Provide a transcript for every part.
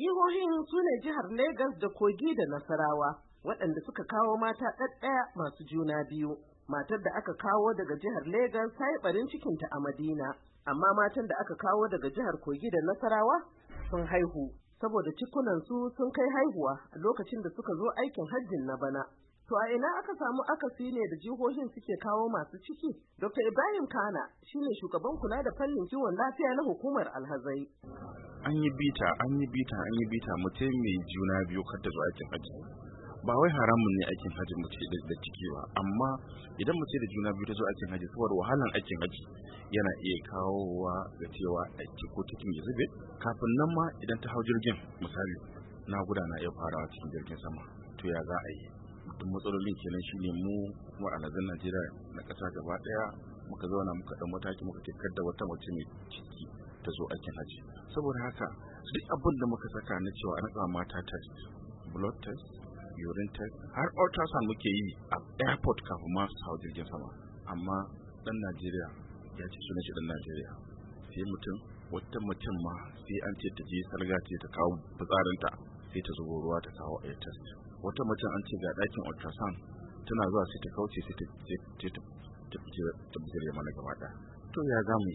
Jihohin su ne jihar Legas da Kogi da Nasarawa, waɗanda suka kawo mata ɗaɗɗaya masu juna biyu. Matar da aka kawo daga jihar Legas ta yi ɓarin cikinta a Madina, amma matan da aka kawo daga jihar Kogi da Nasarawa sun haihu, saboda cikunansu sun kai haihuwa a lokacin da suka zo aikin hajjin na bana. To a ina aka samu akasi ne da jihohin suke kawo masu ciki? Dr. Ibrahim Kana shine shugaban kula da fannin kiwon lafiya na hukumar alhazai. An yi bita, an yi bita, an yi bita mutum mai juna biyu kar da aikin haji. Ba wai haramun ne aikin haji mutum da ciki ba, amma idan mutum da juna biyu ta zo aikin haji saboda wahalan aikin haji yana iya kawowa da cewa aiki ko cikin ya zube kafin nan ma idan ta hau jirgin misali na gudana ya farawa cikin jirgin sama to ya za a yi matsalolin kenan ne mu kuma alhazan najeriya na ƙasa gaba ɗaya muka zauna muka ɗan mataki muka ce kadda wata mace mai ciki ta zo aikin haji saboda haka duk abin da muka saka na cewa an ga mata test blood test urine test har ultrasound muke yi a airport kafin masu su hau jirgin sama amma ɗan najeriya ya ce sunan shi dan najeriya sai mutum wata mutum ma sai an ce ta je salga ce ta kawo fitsarinta sai ta zubo ruwa ta kawo a test wata mace an ce ga dakin ultrasound tana zuwa sai ta kauce sai ta bijire mana gaba ɗaya to ya za mu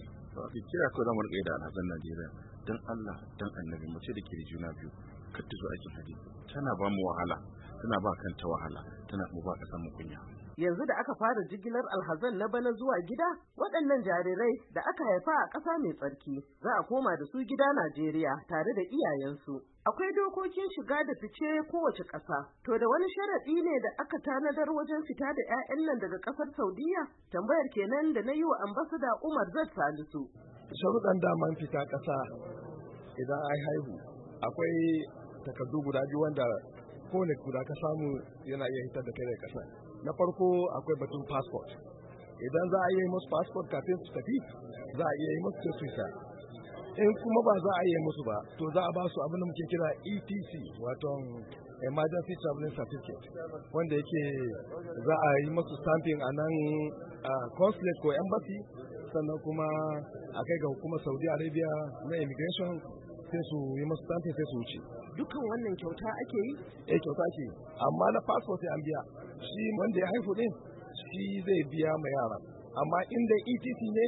yi kira ko za mu da alhazan najeriya dan allah dan annabi mace da ke juna biyu kar ta aikin tana ba mu wahala tana ba kanta wahala tana kuma ba ƙasar mu kunya yanzu da aka fara jigilar alhazan na bana zuwa gida waɗannan jarirai da aka haifa a ƙasa mai tsarki za a koma da su gida Najeriya tare da iyayensu. Akwai dokokin shiga da fice kowace ƙasa, to da wani sharaɗi ne da aka tanadar wajen fita da 'ya'yan nan daga ƙasar Saudiya? Tambayar kenan da na yi wa ambasada Umar Zad Salisu. Sharuɗan daman fita ƙasa idan ai haihu akwai takardu guda biyu wanda kowane guda ka samu yana iya hitar da kai daga ƙasa. na farko akwai batun passport idan za a yi musu passport kafin su tafi za a iya yi musu twitter in kuma ba za a yi musu ba to za a ba su abin da muke kira etc wato emergency traveling certificate wanda yake za a yi musu stamping a nan consulate ko embassy sannan kuma a kai ga hukumar saudi arabia na immigration sai su yi musu stamping sai su wuce dukkan wannan kyauta ake yi eh kyauta ake amma na passport sai an biya shi wanda ya haihu din shi zai biya ma yara amma inda etc ne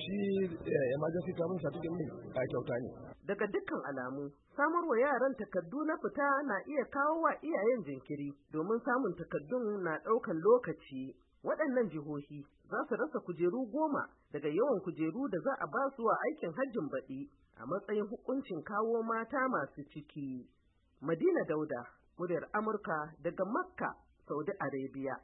shi eh, emergency travel certificate a kyauta ne daga dukkan alamu samar wa yaran takardu na fita na iya kawo wa iyayen jinkiri domin samun takardun na ɗaukan lokaci waɗannan jihohi za su rasa kujeru goma daga yawan kujeru da za a basu su wa aikin hajjin baɗi a matsayin hukuncin kawo mata masu ciki. Madina Dauda, muryar Amurka daga Makka Saudi Arabia